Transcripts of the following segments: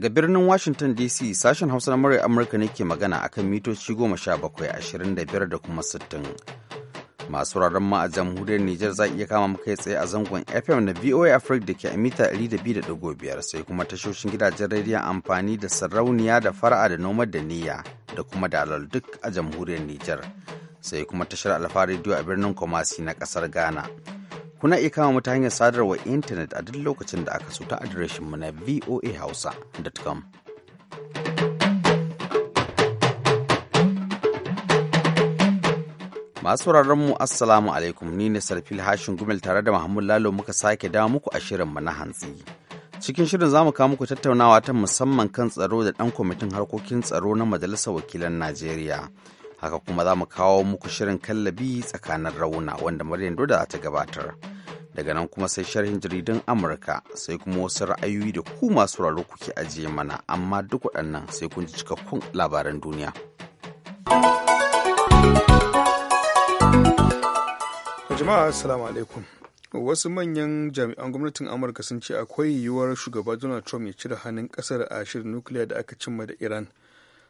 Daga birnin Washington DC sashen Hausa na murya Amurka ne ke magana a kan mitoci goma sha bakwai ashirin da biyar da kuma sittin. Masu rarren ma a jamhuriyar Nijar za iya kama kai tsaye a zangon FM na VOA Africa da ke a mita 200.5 sai kuma tashoshin gidajen rediyon amfani da sarauniya da fara'a da nomad da niyya da kuma dalal duk a jamhuriyar Nijar. Sai kuma tashar Alfa Radio a birnin Kumasi na kasar Ghana. kuna iya kama mu hanyar sadarwa intanet a duk lokacin da aka so ta mu na voahausa.com. Masu mu Assalamu alaikum ni ne Sarfil Hashin Gumel tare da mahmud Lalo muka sake dawo muku a mu na hantsi. Cikin shirin za mu kawo muku tattaunawa ta musamman kan tsaro da ɗan kwamitin harkokin tsaro na Majalisar Wakilan Najeriya. Haka kuma za mu kawo muku shirin kallabi tsakanin rauna wanda Maryam Doda za ta gabatar. daga nan kuma sai sharhin jaridun amurka sai kuma wasu ra'ayoyi da ku masu raro kuke ajiye mana amma duk waɗannan sai kun ji cikakkun labaran duniya jama'a assalamu alaikum wasu manyan jami'an gwamnatin amurka sun ce akwai yiwuwar shugaba donald trump ya cire hannun kasar a shirin nukiliya da aka cimma da iran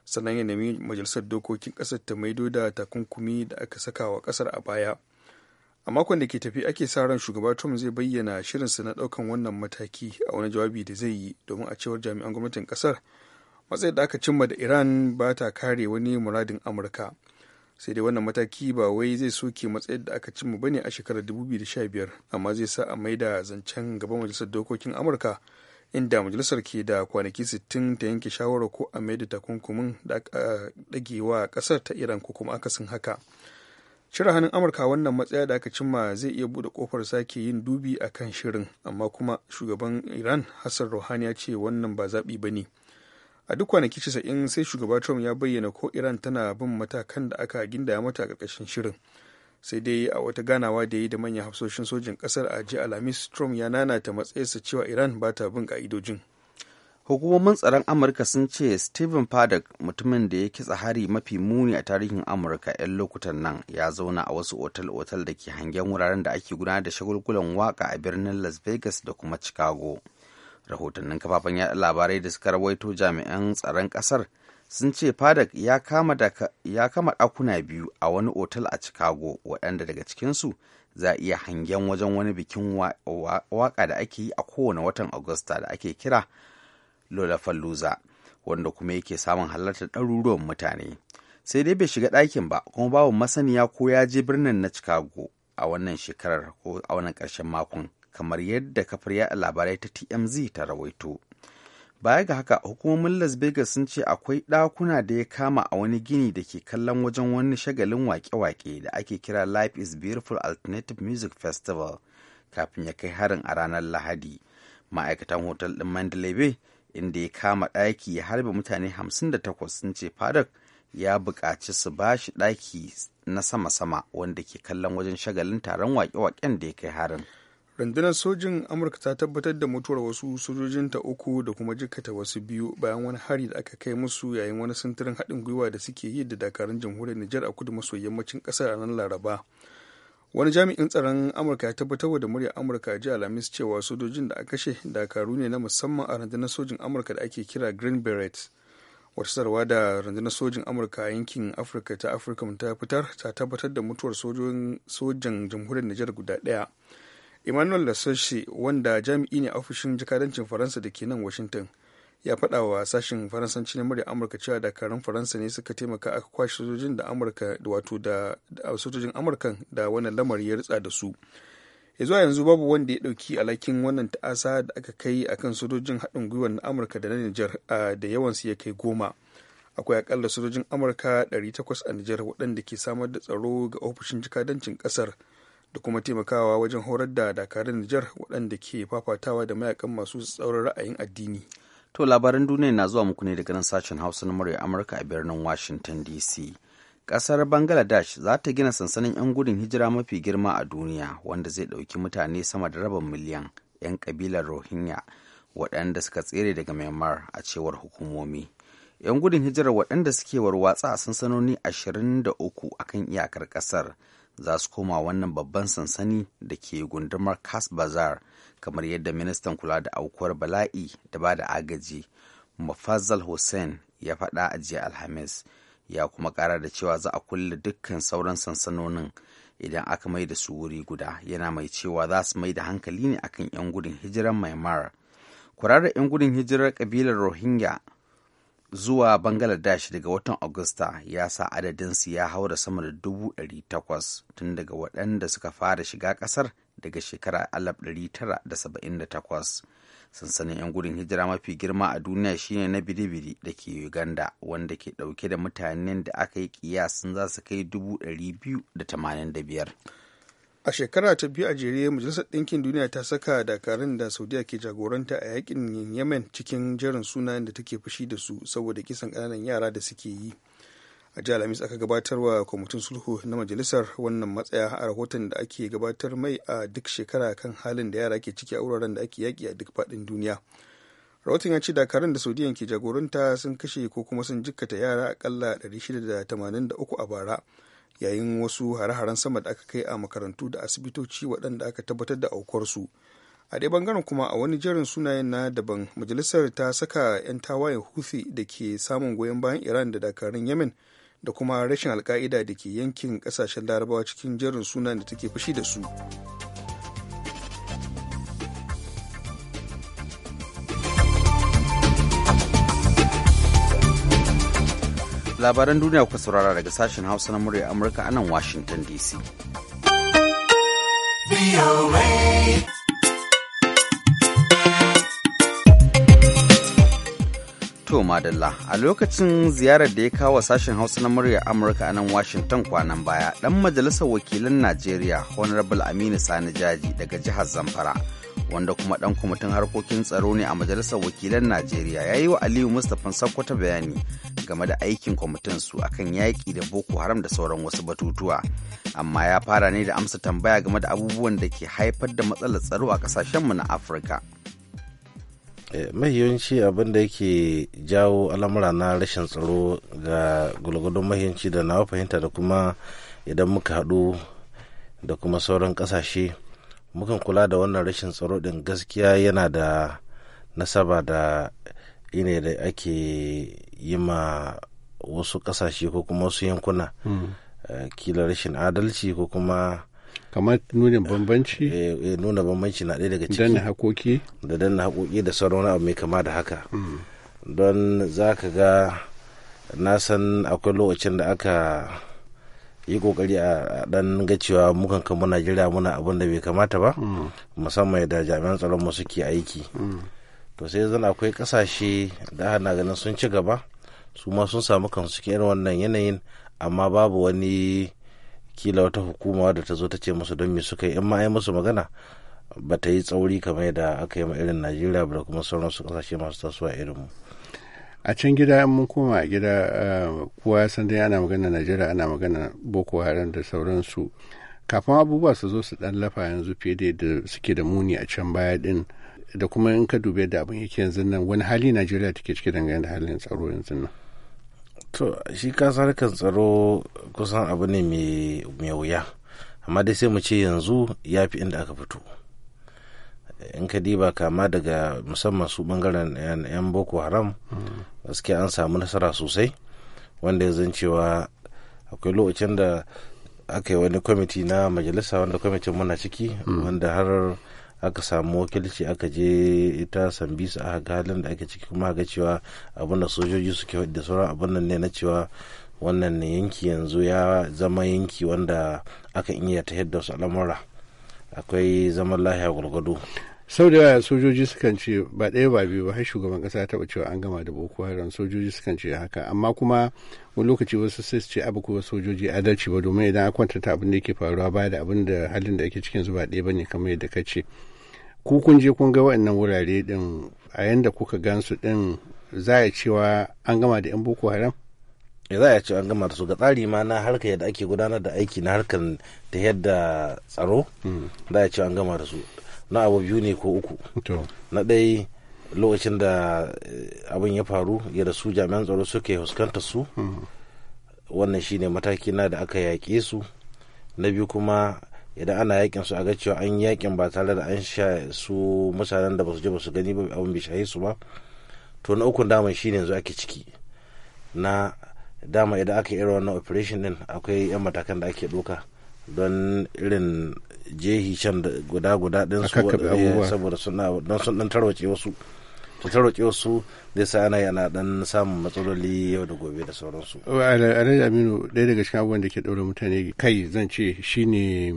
sannan ya nemi majalisar dokokin kasar ta maido da takunkumi da aka saka wa kasar a baya a makon da ke tafi ake sa ran shugaba trump zai bayyana shirinsa na daukan wannan mataki a wani jawabi da zai yi domin a cewar jami'an gwamnatin kasar matsayin da aka cimma da iran ba ta kare wani muradin amurka sai dai wannan mataki ba wai zai soke matsayin da aka cimma bane a shekarar 2015 amma zai sa a mai da zancen gaban majalisar dokokin amurka inda majalisar ke da kwanaki 60 ta yanke shawarar ko a maida takunkumin da aka dage wa kasar ta iran ko kuma akasin haka cire hannun amurka wannan matsaya da aka cimma zai iya bude kofar sake yin dubi a kan shirin amma kuma shugaban iran hassan rouhani ya ce wannan ba zaɓi ba ne a duk kwanaki casa'in sai shugaba trump ya bayyana ko iran tana bin matakan da aka gindaya mata a ƙarƙashin shirin sai dai a wata ganawa da ya yi da manyan hafsoshin sojin ƙasar a jiya alhamis trump ya nanata matsayarsa cewa iran ba ta bin ƙa'idojin hukumomin tsaron amurka sun ce stephen paddock mutumin da ya kitsa hari mafi muni a tarihin amurka 'yan lokutan nan ya zauna a wasu otal-otal da ke hangen wuraren da ake gudanar da shagulgulan waka a birnin las vegas da kuma chicago rahotannin kafafen yaɗa labarai da suka rawaito jami'an tsaron ƙasar sun ce paddock ya kama ɗakuna biyu a wani otal a chicago waɗanda daga cikinsu za iya hangen wajen wani bikin waka da ake yi a kowane watan agusta da ake kira Falluza, wanda kuma yake samun halartar ɗaruruwan mutane. Sai dai bai shiga ɗakin ba kuma babu masaniya ko ya je birnin na Chicago a wannan shekarar ko a wannan ƙarshen makon kamar yadda kafar yaɗa labarai ta TMZ ta rawaito. Baya ga haka hukumomin Las Vegas sun ce akwai ɗakuna da ya kama a wani gini da ke kallon wajen wani shagalin waƙe-waƙe da ake kira Life is Beautiful Alternative Music Festival kafin ya kai harin a ranar Lahadi. Ma'aikatan hotel ɗin Mandalay Bay inda ya kama ɗaki ya harbe mutane 58 sun ce fadak ya bukaci su ba shi ɗaki na sama-sama wanda ke kallon wajen shagalin taron waƙe-waƙen da ya kai harin. rundunar sojin amurka ta tabbatar da mutuwar wasu sojojinta uku da kuma jikata wasu biyu bayan wani hari da aka kai musu yayin wani sintirin haɗin gwiwa da suke yi da dakarun jamhuriyar nijar a kudu maso yammacin ƙasar a nan laraba wani jami'in tsaron amurka ya tabbatar da muryar amurka ji alhamis cewa sojojin da aka kashe dakaru ne na musamman a rundunar sojin amurka da ake kira green beret wata sarwa da rundunar sojin amurka a yankin afirka ta afirka ta fitar ta tabbatar da mutuwar sojan jamhuriyar nijar guda ɗaya emmanuel lasoshi wanda jami'i ne a ofishin jakadancin faransa da ke nan washington ya faɗa wa sashen faransanci na murya amurka cewa dakarun faransa ne suka taimaka aka kwashe sojojin da amurka wato da sojojin amurka da wannan lamari ya ritsa da su ya zuwa yanzu babu wanda ya ɗauki alhakin wannan ta'asa da aka kai akan sojojin haɗin gwiwa na amurka da na nijar da yawansu ya kai goma akwai akalla sojojin amurka 800 a nijar waɗanda ke samar da tsaro ga ofishin jikadancin ƙasar da kuma taimakawa wajen horar da dakarun nijar waɗanda ke fafatawa da mayakan masu tsaurin ra'ayin addini To labaran duniya na zuwa muku ne daga nan sashen Hausa na murya Amurka a birnin Washington DC. Kasar Bangladesh za ta gina sansanin 'yan gudun hijira mafi girma a duniya wanda zai ɗauki mutane sama da rabin miliyan 'yan kabilar Rohingya waɗanda suka tsere daga Myanmar a cewar hukumomi. 'Yan gudun hijirar waɗanda suke warwatsa a sansanoni 23 kan iyakar ƙasar. za su koma wannan babban sansani da ke gundumar Kas Bazar kamar yadda ministan kula da aukuwar bala'i da ba da agaji mufazzal Hussein ya faɗa a jiya Alhamis ya kuma ƙara da cewa za a kulle dukkan sauran sansanonin idan aka mai da su wuri guda yana mai cewa za su mai da hankali ne akan 'yan gudun hijirar Myanmar. Kurarar 'yan gudun hijirar kabilar Rohingya zuwa bangladesh daga watan agusta ya sa adadin su ya haura sama da dubu ɗari takwas tun daga waɗanda suka fara shiga ƙasar daga shekara alaf tara da da saba'in takwas sansanin 'yan gudun hijira mafi girma a duniya shine na biribiri da ke uganda wanda ke ɗauke da mutanen da aka yi kiyasin za su kai dubu biyu da da tamanin biyar. a shekara ta biyu a jere majalisar ɗinkin duniya ta saka dakarun da saudiya ke jagoranta a yakin yemen cikin jerin sunayen da take fushi da su saboda kisan ƙananan yara da suke yi a jihar alhamis aka gabatarwa kwamitin sulhu na majalisar wannan matsaya a rahoton da ake gabatar mai a duk shekara kan halin da yara ke ciki a wuraren da ake yaƙi a duk faɗin duniya rahoton ya ce dakarun da saudiya ke jagoranta sun kashe ko kuma sun jikkata yara akalla 683 a bara yayin wasu hare-haren sama da aka kai a makarantu da asibitoci waɗanda aka tabbatar da su a ɗaya bangaren kuma a wani jerin sunayen na daban majalisar ta saka 'yan tawayen huthi da ke samun goyon bayan iran da dakarun yemen da kuma rashin alka'ida da ke yankin ƙasashen larabawa cikin jerin sunayen da take fushi da su labaran duniya kuka saurara daga sashen hausa na murya amurka anan washington dc to madalla a lokacin ziyarar da ya kawo sashen hausa na murya amurka a nan washington kwanan baya dan majalisar wakilan najeriya honorable aminu sani jaji daga jihar zamfara wanda kuma dan kwamitin harkokin tsaro ne a majalisar wakilan najeriya ya yi wa aliyu mustapha sakkwata bayani game da aikin kwamitin su akan yaƙi da boko haram da sauran wasu batutuwa amma ya fara ne da amsa tambaya game da abubuwan da ke haifar da matsalar tsaro a ƙasashenmu na afirka eh, mahiyanci abin da yake jawo al'amura na rashin tsaro ga gulgudun mahiyanci da na fahimta da kuma idan muka haɗu da kuma sauran ƙasashe mukan kula da wannan rashin tsaro din gaskiya yana da nasaba da ine da ake yi ma wasu kasashe ko kuma wasu yankuna hmm. eh, kila rashin adalci ko kuma kamar nuna eh, bambanci eh, nuna bambanci na ɗaya daga ciki danna hakoki da danna hakoki da sauran abu mai kama da haka hmm. don za ka ga na san akwai lokacin da aka yi kokari a dan ga cewa mukan kan muna jira muna abin da bai kamata ba mm. musamman da jami'an tsaron mu suke aiki mm. to sai zan akwai kasashe da hana ganin sun ci gaba su ma sun samu kansu suke irin wannan yanayin amma babu wani kila wata hukuma da ta zo ta ce musu don me suka yi in ma yi musu magana ba ta yi tsauri kamar yadda aka yi ma irin najeriya ba da kuma sauran su kasashe masu tasowa irin mu a can gida in mun koma a gida eh, kowa ya san dai ana magana najeriya ana magana boko haram da sauransu kafin abubuwa su zo su dan lafa yanzu fiye da yadda suke da muni a can baya din da kuma in ka dube da abin yake yanzu nan wani hali najeriya take cike dangane da halin tsaro yanzu nan to shi kasa harkar tsaro kusan abu ne mai wuya amma dai sai mu ce yanzu ya fi inda aka fito in ka diba kama daga musamman su bangaren 'yan boko haram gaskiya an samu nasara sosai wanda ya zan cewa akwai lokacin da aka yi wani kwamiti na majalisa wanda kwamitin muna ciki wanda har aka samu wakilci aka je ita sambisa a haka halin da ake ciki kuma ga cewa abinda sojoji suke da sauran abin ne na cewa wannan ne yanki yanzu ya zama yanki wanda aka iya ta yadda su al'amura akwai zaman lahiya gwargwado sau da yawa sojoji sukan ce ba ɗaya ba biyu ba har shugaban ƙasa taɓa cewa an gama da boko haram sojoji sukan ce haka amma kuma wani lokaci wasu sai su ce abu sojoji adalci ba domin idan a kwantata abin da yake faruwa ba da abin da halin da ake cikin zuba ɗaya ba ne kamar yadda ka ce ku kun je kun ga waɗannan wurare ɗin a yanda kuka gansu ɗin za a cewa an gama da 'yan boko haram ya eh, za a ce an gama da su ga tsari ma na harka yadda ake gudanar da aiki na harkar ta yadda tsaro hmm. za a ce an gama da su na abu biyu ne ko uku na ɗaya lokacin da eh, abin ya faru ya da su jami'an tsaro suke fuskantar su mm-hmm. wannan shine mataki na da aka yaƙe su na biyu kuma idan ana yakin su a ga cewa an yakin ba tare da an sha su mutanen da ba su je su gani ba abin bai shaye su ba to na ukun daman shine yanzu ake ciki na dama idan aka yi irin wannan operation din akwai yan matakan da ake doka don irin jehi can guda-guda din su eh, saboda suna don sun dan tarwace wasu su tarwace wasu zai sa ana yana dan samun matsaloli yau da gobe da sauransu. ala Aminu ɗaya daga cikin abubuwan da ke ɗaura mutane kai zan ce shine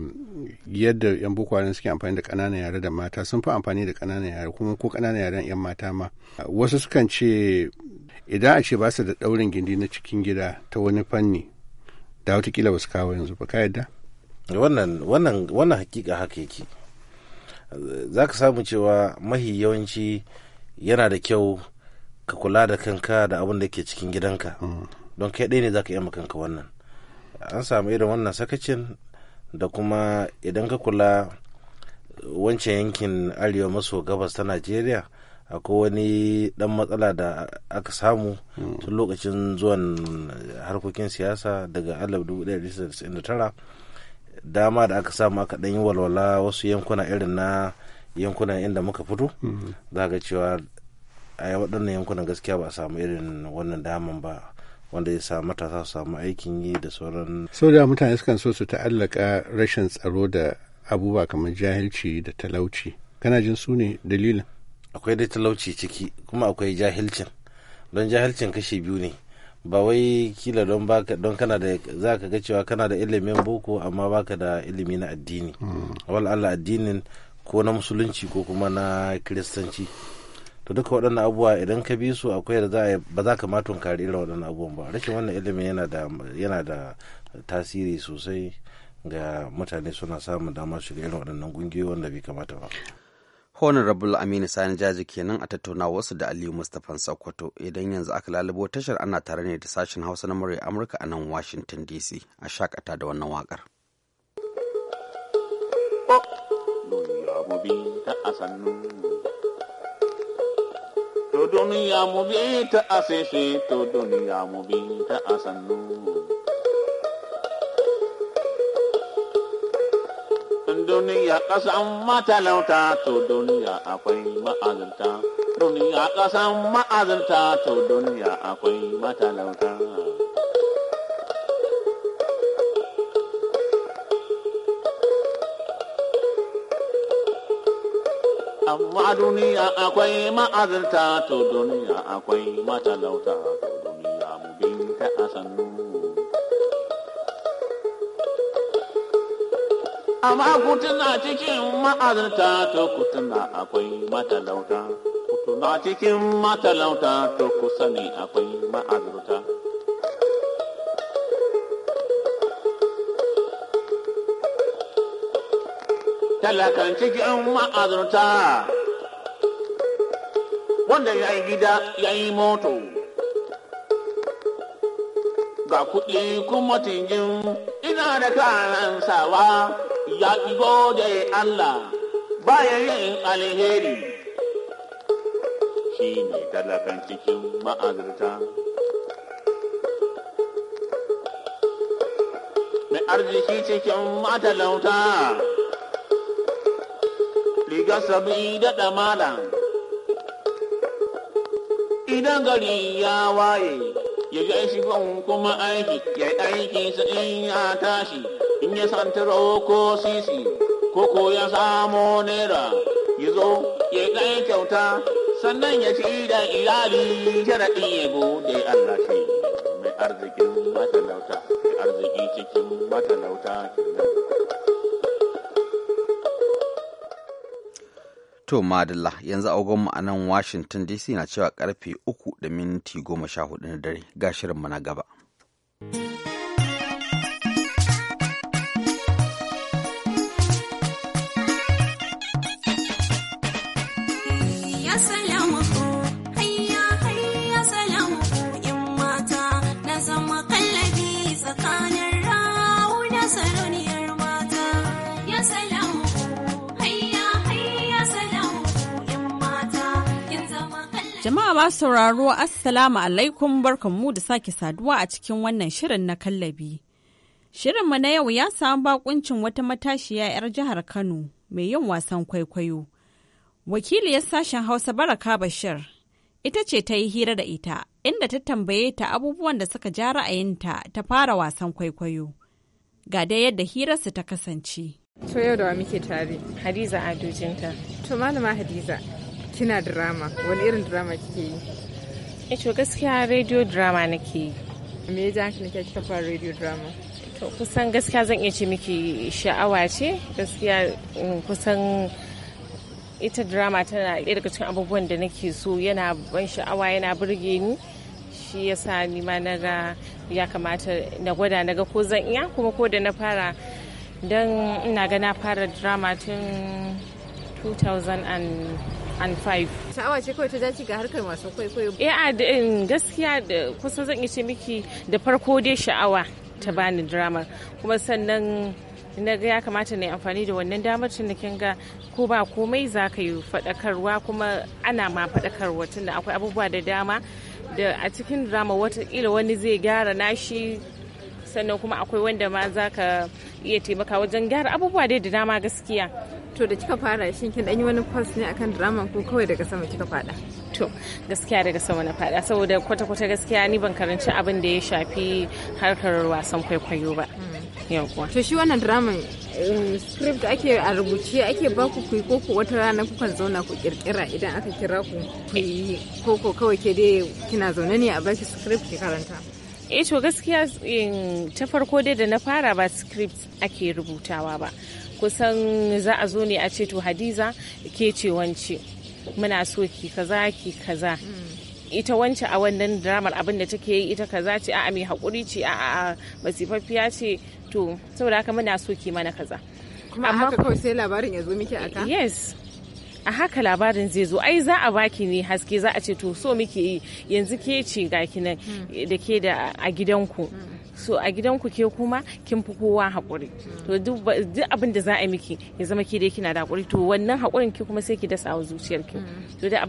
yadda yan boko haram suke amfani da ƙananan yare da mata sun fi amfani da ƙananan yare kuma ko ƙananan yaren yan mata ma wasu sukan ce idan a ce ba su da ɗaurin gindi na cikin gida ta wani fanni da wata ba su kawo yanzu ba ka yadda. wannan wannan hakika haka yake za ka samu cewa mahi yawanci yana da kyau ka kula da kanka da abin da ke cikin gidanka mm. don kai ɗaya ne za ka yi kanka wannan an samu irin wannan sakacin da kuma idan ka kula wancan yankin arewa maso gabas ta najeriya akwai wani dan matsala da aka samu mm. tun lokacin zuwan harkokin siyasa daga 1999 dama da aka samu aka ɗan yi walwala wasu yankuna irin na yankunan inda muka fito mhm. za ga cewa a yi waɗannan yankunan gaskiya ba a samu irin wannan daman ba wanda ya sa matasa su samu aikin yi da sauran sau da mutane sukan so su ta'allaka rashin tsaro da abubuwa kamar jahilci da talauci kana jin su ne dalilin akwai dai talauci ciki kuma akwai jahilcin don jahilcin kashe biyu ne ba wai kila don baka don kana da za ka ga cewa kana da ilimin boko amma baka da ilimi na addini hmm. wal Allah addinin ko na musulunci ko kuma na kiristanci to duka waɗannan abubuwa idan ka bi su akwai da za ba za ka matun kare irin waɗannan abubuwan ba rashin wannan ilimin yana da yana da tasiri sosai ga mutane suna samun damar shiga irin waɗannan ƙungiyoyi wanda bai kamata ba honorable aminu sani jaji kenan a tattauna wasu da aliyu mustapha sokoto idan yanzu aka lalubo tashar ana tare ne da sashen hausa na murya amurka a nan washington dc a shakata da wannan wakar To duniya mu bi ta asese, to duniya mu bi ta asannu. duniya ƙasan matalauta to duniya akwai ma'azinta duniya ƙasan ma'azinta to duniya akwai matalauta amma duniya akwai ma'azinta to duniya akwai matalauta to duniya mu binta a amma na cikin ma'azinta to na akwai matalauta na cikin matalauta to kusa ne akwai ma'azinta talakan cikin ma'azinta wanda ya yi gida ya yi moto ga kuɗi kuma tingin ina da kanan sawa ya gode Allah bayan yin alheri shi ne talakan cikin ma'azurta. Mai arziki cikin matalauta riga sabi da damala idan gari ya waye ya ga shi kuma aiki ya aiki sai ya tashi. in ya santaro ko sisi ko ko ya samo naira ya zo ya ɗan kyauta sannan ya ci da iyali sharaɗin ya gode Allah shi mai arzikin matalauta mai arziki cikin matalauta To Madalla yanzu agonmu a nan Washington DC na cewa karfe uku da minti goma sha hudu na dare ga shirin na gaba. Jama'a sauraro Assalamu alaikum barkanmu da sake saduwa a cikin wannan shirin na kallabi. Shirinmu na yau ya samu bakuncin wata matashiya 'yar jihar Kano mai yin wasan kwaikwayo. Wakiliyar sashen Hausa Baraka Bashir ita ce ta yi hira da ita inda ta tambaye ta abubuwan da suka ja ra'ayinta ta fara wasan kwaikwayo. Ga dai yadda hirarsu ta kasance. To yau da wa muke tare, Hadiza Adojinta. To malama Hadiza, kina drama wani irin drama kike yi e to gaskiya radio drama nake yi me ya ji nake kika fara radio drama to kusan gaskiya zan iya ce miki sha'awa ce gaskiya mm, kusan ita drama tana ɗaya daga cikin abubuwan da nake so yana ban sha'awa yana burge ni shi yasa ni ma na ga ya kamata na gwada na ga ko zan iya kuma ko da na fara don ina ga na fara drama tun 2000 and 5. Sha'awa ce kawai ta dace ga harkar masu kwaikwayo? Eh a eh, gaskiya da zan ce miki da farko dai sha'awa ta mm. bani drama kuma sannan na ga ya kamata na yi amfani da wannan damar tun da kin ga ko ba komai za ka yi faɗakarwa kuma ana ma faɗakarwa tun da akwai abubuwa da dama da a cikin drama watakila wani zai gyara nashi sannan kuma akwai wanda ma za ka iya taimaka wajen gyara abubuwa dai da dama gaskiya To da kika fara shin kin dan wani kwas ne akan drama ko kawai daga sama kika fada? To gaskiya daga sama na fada saboda kwata-kwata gaskiya ni ban karanci abin da ya shafi harkar wasan kwaikwayo ba. Yawwa. To shi wannan drama um, script ake a rubuce ake ba ku kuyi ko wata rana kukan zauna ku kirkira idan aka kira ku kuyi ko kawai ke dai kina zaune ne a baki script ki karanta. Eh to gaskiya um, ta farko dai da na fara ba script ake rubutawa ba. kusan za a zo ne a ce to hadiza ke ce wance muna so ki kaza ki kaza mm. ita wancan a wannan dramar abin da take yi ita kaza ce a'a mai haƙuri ce a'a masifafiya ce to saboda haka muna so ki mana kaza kuma a haka kawai sai labarin ya zo miki a ta yes a haka labarin zai zo ai za a baki ne haske za a ce to so miki yanzu ke ce ga nan mm. da ke da a gidanku mm. so a gidan ku ke kuma kin fi kowa hakuri to duk abin da za a miki ya zama ke dai kina da hakuri to wannan hakurin ki kuma sai ki dasa wa zuciyarki mm. to duk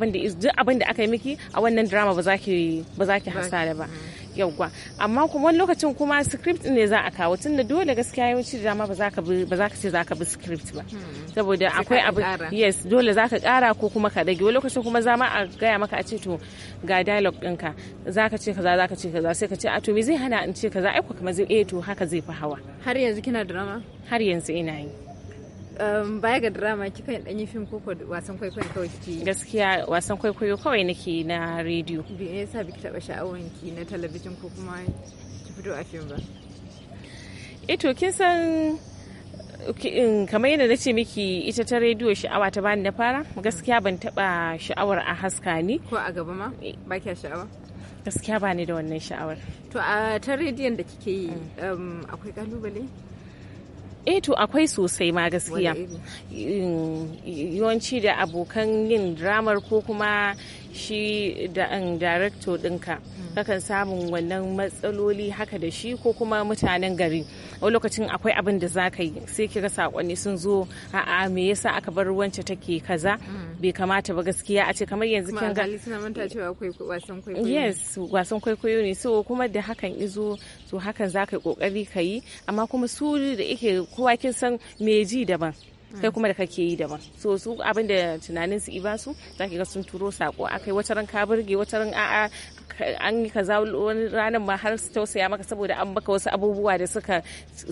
abin da aka yi miki a wannan drama ba za ki hasa da ba yauwa amma kuma wani lokacin kuma script ne za a kawo tunda dole gaskiya yawanci da dama ba za ka ce za ka bi script ba hmm. saboda akwai abu yes dole za ka kara ko kuma ka dage wani lokacin kuma za ma a gaya maka a ce to ga dialogue ɗinka za ka ce kaza za ka ce kaza sai ka ce a to me zai hana in ce kaza ai kuma zai eh to haka zai fi hawa har yanzu kina drama har yanzu ina yi baya ga drama kika yin danyi fim ko wasan kwaikwayo kawai kike gaskiya wasan kwaikwayo kawai nake na rediyo bi ne yasa biki taba sha'awan ki na talabijin ko kuma ki fito a fim ba eh to kin san kamar yadda na ce miki ita ta rediyo sha'awa ta bani na fara gaskiya ban taba sha'awar a haska ni ko a gaba ma eh. ba kya sha'awa gaskiya ba ni da wannan sha'awar to a ta rediyon da kike yi mm. akwai kalubale eh to akwai sosai ma gaskiya mm, yawanci da abokan yin dramar ko kuma shi da um, director ɗinka hmm. kakan samun wannan matsaloli haka da shi ko kuma mutanen gari wani lokacin akwai abin da za ka yi sai kira sakonni sun zo a'a me yasa aka bar ruwanci take kaza hmm. bai kamata ba gaskiya a ce kamar yanzu kin ga suna manta cewa akwai wasan kwaikwayo yes wasan kwaikwayo ne so kuma da hakan izo to hakan za yi kokari ka amma kuma su da yake kowa kin san me daban kai kuma da kake yi daban so su abin da tunanin su iba su ka ga sun turo sako akai wata ran ka burge wata ran a'a an yi kaza wani ranar ma har su tausaya maka saboda an baka wasu abubuwa da suka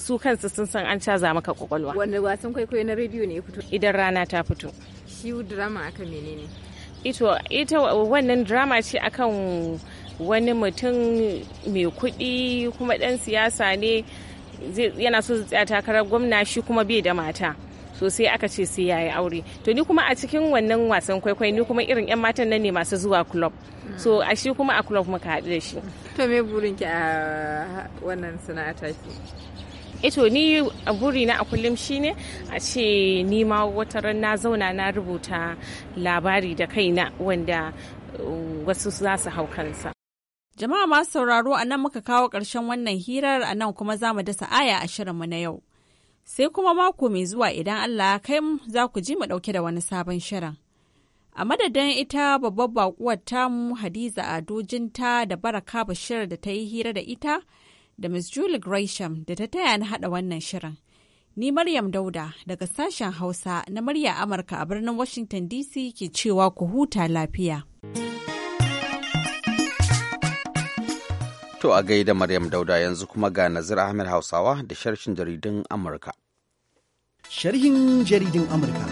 su kansu sun san an caza maka kwakwalwa wanda wasan kwaikwayo na rediyo ne ya fito idan rana ta fito shi drama aka menene ito ita wannan drama ce akan wani mutum mai kuɗi kuma ɗan siyasa ne yana so tsaya takarar gwamna shi kuma bai da mata to sai aka ce sai yayi aure to ni kuma a cikin wannan wasan kwaikwai ni kuma irin yan matan nan ne masu zuwa club so a shi kuma a club muka haɗu da shi to me burin ki a wannan sana'a ki ito eh ni a burina a kullum shine a ce ni ma wata ran na zauna na rubuta labari da kaina wanda uh, wasu za su hau kansa Jama'a masu sauraro a nan muka kawo ƙarshen wannan hirar a nan kuma za mu dasa aya a shirinmu na yau. Sai kuma mako mai zuwa idan Allah ya kai mu za ku ji mu ɗauke da wani sabon shirin. A madadin ita babbar baƙuwar tamu Hadiza Ado Jinta da Baraka Bashir da ta yi hira da ita da Miss Julie Gresham da ta taya ni haɗa wannan shirin. Ni Maryam Dauda daga sashen Hausa na murya Amurka a birnin Washington DC ke cewa ku huta lafiya. To a gaida Maryam Dauda yanzu kuma ga Nazir Ahmed Hausawa da sharshin jaridun Amurka. Sharhin jaridun Amurka.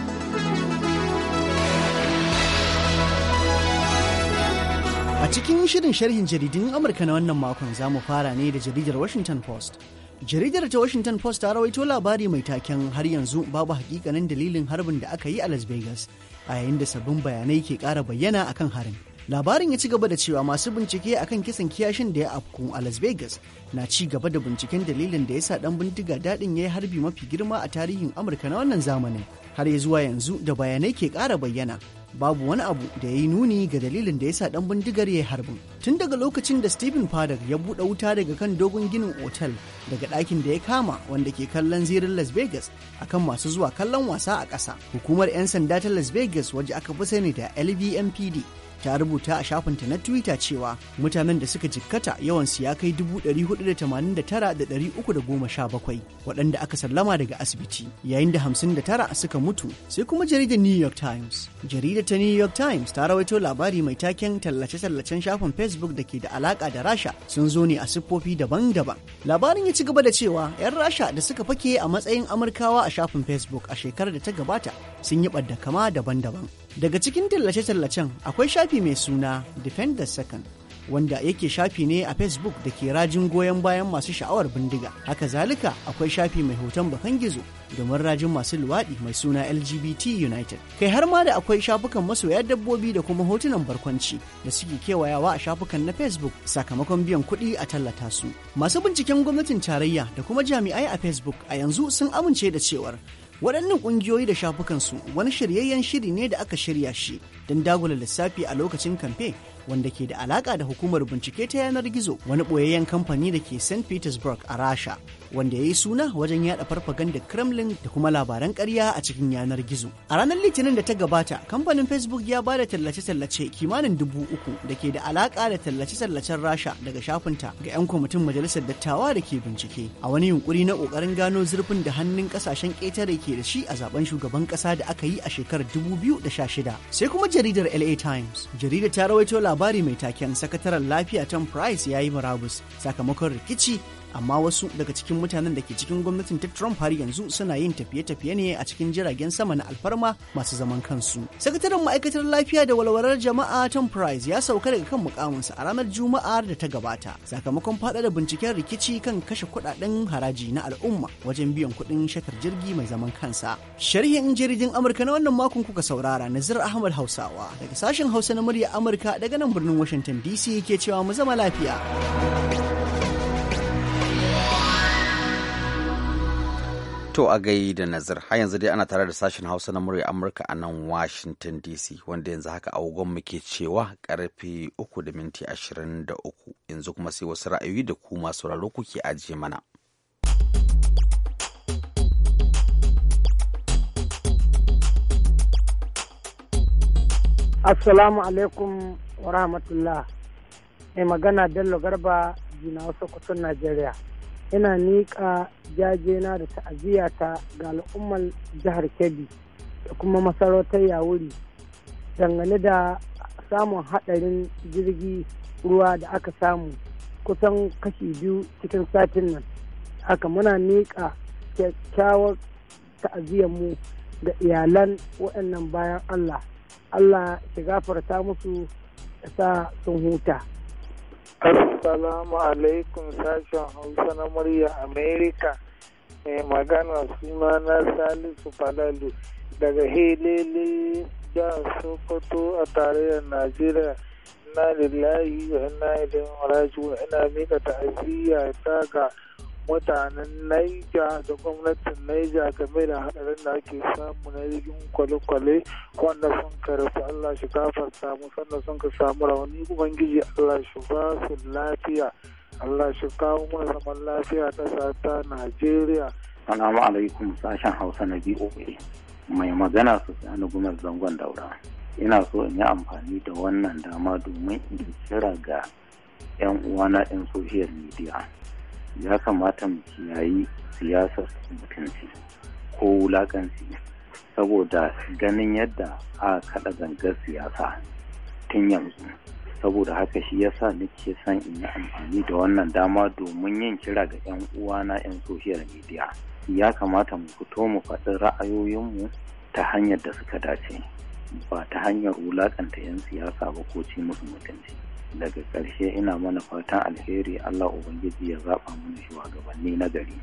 A cikin shirin sharhin jaridun Amurka na wannan makon za mu fara ne da jaridar Washington Post. Jaridar ta Washington Post ta rawaito labari mai taken har yanzu babu hakikanin dalilin harbin da aka yi a Las Vegas, a yayin da sabbin bayanai ke ƙara bayyana akan harin. labarin ya ci gaba da cewa masu bincike akan kisan kiyashin da ya afku a las vegas na ci gaba da binciken dalilin da ya sa dan bindiga daɗin ya yi harbi mafi girma a tarihin amurka na wannan zamanin har ya zuwa yanzu da bayanai ke ƙara bayyana babu wani abu da ya yi nuni ga dalilin da ya sa dan bindigar ya yi harbin tun daga lokacin da stephen paddock ya buɗe wuta daga kan dogon ginin otal daga ɗakin da ya kama wanda ke kallon zirin las vegas akan masu zuwa kallon wasa a ƙasa hukumar 'yan sanda ta las vegas waje aka fi sani da lvmpd ta rubuta a shafinta na twitter cewa mutanen da suka jikkata su ya kai 489,317 waɗanda aka sallama daga asibiti yayin da 59 suka mutu sai kuma jaridar new york times jaridar ta new york times ta rawaito labari mai taken tallace-tallacen shafin facebook da ke da alaka da rasha sun zo ne a siffofi daban-daban labarin ya ci gaba da cewa 'yan rasha da suka fake a matsayin amurkawa a shafin facebook a shekarar da ta gabata sun yi kama daban-daban Daga cikin tallace-tallacen akwai shafi mai suna Defend the Second. wanda yake shafi ne a facebook da ke rajin goyon bayan masu sha'awar bindiga haka zalika akwai shafi mai hoton bakan gizo domin rajin masu luwaɗi mai suna lgbt united kai har ma da akwai shafukan masoya dabbobi da kuma hotunan barkwanci da suke kewayawa a shafukan na facebook sakamakon biyan kuɗi a tallata su masu binciken gwamnatin tarayya da kuma jami'ai a facebook a yanzu sun amince da cewar waɗannan ƙungiyoyi da shafukansu wani shiryayyen shiri ne da aka shirya shi don dagula lissafi a lokacin kamfe wanda ke da alaƙa da hukumar bincike ta yanar gizo wani ɓoyayyen kamfani da ke st petersburg a rasha wanda ya yi suna wajen yaɗa yada farfaganda kremlin da kuma labaran karya a cikin yanar gizo a ranar litinin da ta gabata kamfanin facebook ya ba da tallace-tallace kimanin dubu uku da ke da alaka da tallace-tallacen rasha daga shafinta ga 'yan kwamitin majalisar dattawa da ke bincike a wani yunkuri na kokarin gano zurfin da hannun kasashen ƙetare ke da shi a zaben shugaban ƙasa da aka yi a shekarar dubu biyu da sha shida, sai kuma jaridar la times jaridar ta rawaito labari mai taken sakataren lafiya tom price ya yi murabus sakamakon rikici amma wasu daga cikin mutanen da ke cikin gwamnatin ta Trump har yanzu suna yin tafiye-tafiye ne a cikin jiragen sama na alfarma masu zaman kansu. Sakataren ma'aikatar lafiya da walwalar jama'a Tom Price ya sauka daga kan mukaminsa a ranar Juma'a da ta gabata sakamakon da binciken rikici kan kashe kuɗaɗen haraji na al'umma wajen biyan kuɗin shakar jirgi mai zaman kansa. Sharhin jirgin Amurka na wannan makon kuka saurara Nazir Ahmad Hausawa daga sashen Hausa na murya Amurka daga nan birnin Washington DC ke cewa mu zama lafiya. To a gai da nazar har yanzu dai ana tare da sashen Hausa na murya Amurka a nan Washington DC wanda yanzu haka agogon ke cewa karfe uku da minti ashirin da uku yanzu kuma sai wasu ra'ayoyi da kuma masu sauraro kuke ajiye mana. Assalamu alaikum wa rahmatullah. Mai magana Bello Garba, Jina Sokoton Najeriya. ina miƙa jajena da ta'aziyya ta ga al'ummar jihar kebbi da kuma masarautar yawuri dangane da samun hadarin jirgi ruwa da aka samu kusan kashi biyu cikin satin nan haka muna miƙa kyakkyawar mu ga iyalan waɗannan bayan allah allah ya gafarta musu da sa sun huta Assalamu alaikum sashen Hausa na murya Amerika. Mai magana na Salisu Falalu daga Helele jihar Sokoto a tarayyar Najeriya. Ina lillahi wa ina ilaihi wa ina mika ta'aziyya ta ga mutanen naija da gwamnatin naija game da hadarin da ake samu na jirgin kwale-kwale wanda sun karfi allah shi samu, sannan sun ka samu rauni ubangiji allah shi ba su lafiya allah shi kawo mana zaman lafiya ta sata najeriya salamu alaikum sashen hausa na boa mai magana su sani gumar zangon daura ina so in yi amfani da wannan dama domin in kira ga 'yan uwana 'yan social midiya. ya kamata mu kiyayi siyasar mutunci ko wulakanci saboda ganin yadda a kaɗa gangar siyasa tun yanzu saboda haka shi yasa nake son in yi amfani da wannan dama domin yin kira ga 'yan uwana 'yan social media ya kamata mu fito mu faɗi ra'ayoyinmu ta hanyar da suka dace ba ta hanyar wulaƙanta 'yan siyasa ba ko ci musu mutunci daga ƙarshe ina mana fatan alheri Allah Ubangiji ya zaɓa mana shugabanni na gari.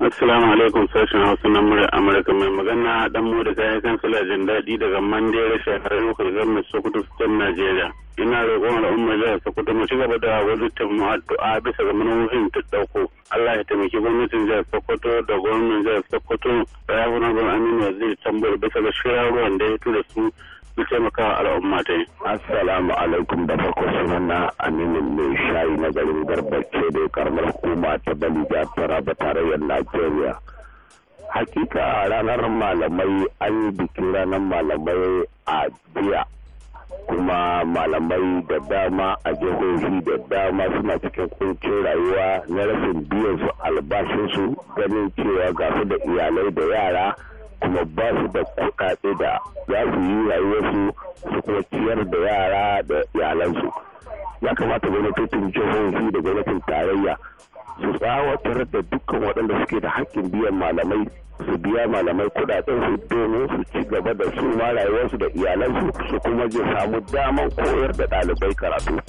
Assalamu alaikum sashen Hausa na murya Amurka mai magana dan mu da kayan kansila jin daɗi daga Mandera shahararren Lokal Gwamnati Sokoto Sitan Najeriya. Ina roƙon al'ummar jihar Sokoto mu ci gaba da wajibtar mu addu'a bisa ga manufofin ta ɗauko. Allah ya taimaki gwamnatin jihar Sokoto da gwamnatin jihar Sokoto da ya fi Aminu Waziri Tambol bisa ga shirarwar da ya tura su mu taimaka al'umma ta yi. Assalamu alaikum da farko sunan na Aminu mai shayi na garin ke da karamar hukuma ta Bali da Taraba tarayyar Najeriya. Hakika ranar malamai an yi bikin ranar malamai a jiya kuma malamai da dama a jihohi da dama suna cikin kuncin rayuwa na rashin biyan su albashinsu ganin cewa gasu da iyalai da yara kuma ba su da kuɗaɗe da za su yi rayuwarsu su kuma ciyar da yara da iyalansu ya kamata gwamnatocin jihohi da gwamnatin tarayya su tsawatar da dukkan waɗanda suke da haƙƙin biyan malamai su biya malamai kudaden su domin su ci gaba da su ma rayuwarsu da iyalansu su kuma je samu damar koyar da ɗalibai karatu.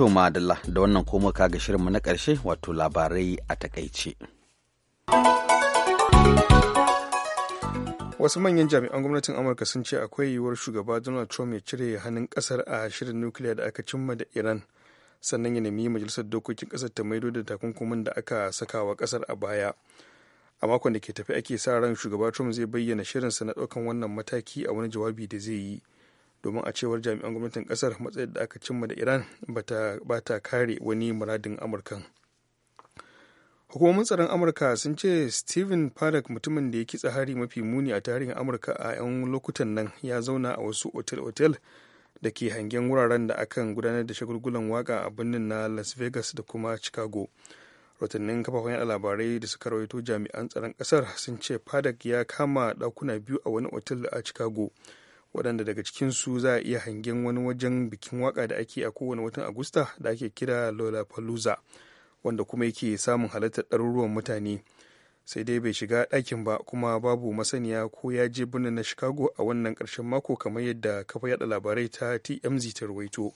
To madalla da wannan koma kaga shirinmu na ƙarshe wato labarai a takaice. Wasu manyan jami'an gwamnatin Amurka sun ce akwai yiwuwar shugaba Donald Trump ya cire hannun kasar a shirin nukiliya da aka cimma da Iran. Sannan ya nemi majalisar dokokin kasar ta maido da takunkumin da aka saka wa ƙasar a baya. A makon da ke tafi ake sa ran shugaba Trump zai bayyana shirinsa na ɗaukan wannan mataki a wani jawabi da zai yi. domin a cewar jami'an gwamnatin kasar matsayin da aka cimma da iran ba ta kare wani muradin amurkan hukumomin tsaron amurka sun ce steven paddock mutumin da ya kitsa hari mafi muni a tarihin amurka a 'yan lokutan nan ya zauna a wasu otel-otel da ke hangen wuraren da akan gudanar da shagulgulan waka a birnin na las vegas da kuma chicago rotannin kafafen yada labarai da suka rawaito jami'an tsaron kasar sun ce paddock ya kama dakuna biyu a wani otel a chicago waɗanda daga cikinsu za a iya hangen wani wajen bikin waka da ake a kowane watan agusta da ake kira lollapalooza wanda kuma yake samun halartar ɗaruruwan mutane sai dai bai shiga ɗakin ba kuma babu masaniya ko ya je birnin na chicago a wannan ƙarshen mako kamar yadda kafa yada labarai ta tmz ta ruwaito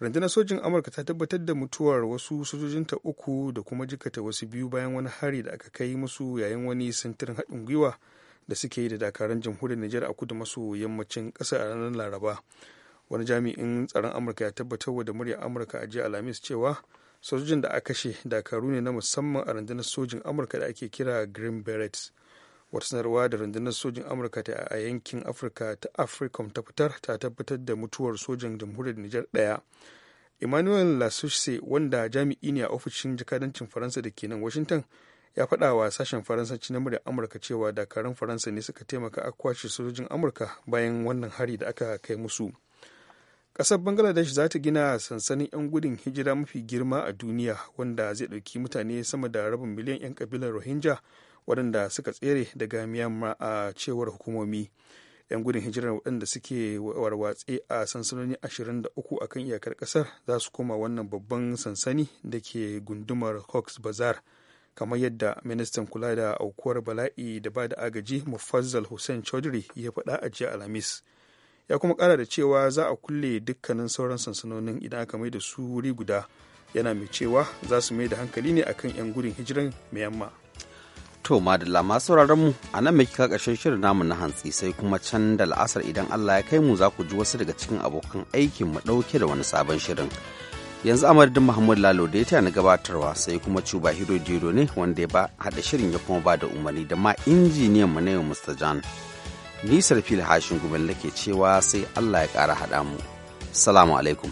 rundunar sojin amurka ta tabbatar da mutuwar wasu sojojinta uku da kuma jikata wasu biyu bayan wani hari da aka kai musu yayin wani sintirin haɗin gwiwa da suke yi da dakarun jamhuriyar Nijar a kudu maso yammacin kasa a ranar Laraba. Wani jami'in tsaron Amurka ya tabbatar da muryar Amurka a jiya Alhamis cewa sojojin da aka kashe dakaru ne na musamman a rundunar sojin Amurka da ake kira Green Berets. Wata sanarwa da rundunar sojin Amurka ta a yankin Afirka ta Africom ta fitar ta tabbatar da mutuwar sojin jamhuriyar Nijar ɗaya. Emmanuel Lassusse wanda jami'i ne a ofishin jakadancin Faransa da ke nan Washington ya faɗa wa sashen faransanci na muryar amurka cewa dakarun faransa ne suka taimaka a kwashe sojojin amurka bayan wannan hari da aka kai musu ƙasar bangaladesh za ta gina sansanin 'yan gudun hijira mafi girma a duniya wanda zai ɗauki mutane sama da rabin miliyan 'yan kabilar rohingya waɗanda suka tsere daga myanmar a cewar hukumomi 'yan gudun hijirar waɗanda suke warwatse a sansanoni 23 a kan iyakar ƙasar za su koma wannan babban sansani da ke gundumar hawks bazar kamar yadda ministan kula da aukuwar bala'i da ba da agaji mufazzal hussein chaudhry ya faɗa a jiya alhamis ya kuma ƙara da cewa za a kulle dukkanin sauran sansanonin idan aka mai da su wuri guda yana mai cewa za su mai da hankali ne akan 'yan gudun hijiran myanmar to madalla masu sauraron mu a nan mai kika ƙarshen shirin namu na hantsi sai kuma can da la'asar idan allah ya kai mu za ku ji wasu daga cikin abokan aikin mu ɗauke da wani sabon shirin yanzu amadadin muhammad lalo da ya tana gabatarwa sai kuma cuba hiro jiro ne wanda ya ba hada shirin ya kuma ba da umarni da ma injiniyan mu na yau mr john nisar fil hashin gumel ke cewa sai allah ya kara haɗa mu salamu alaikum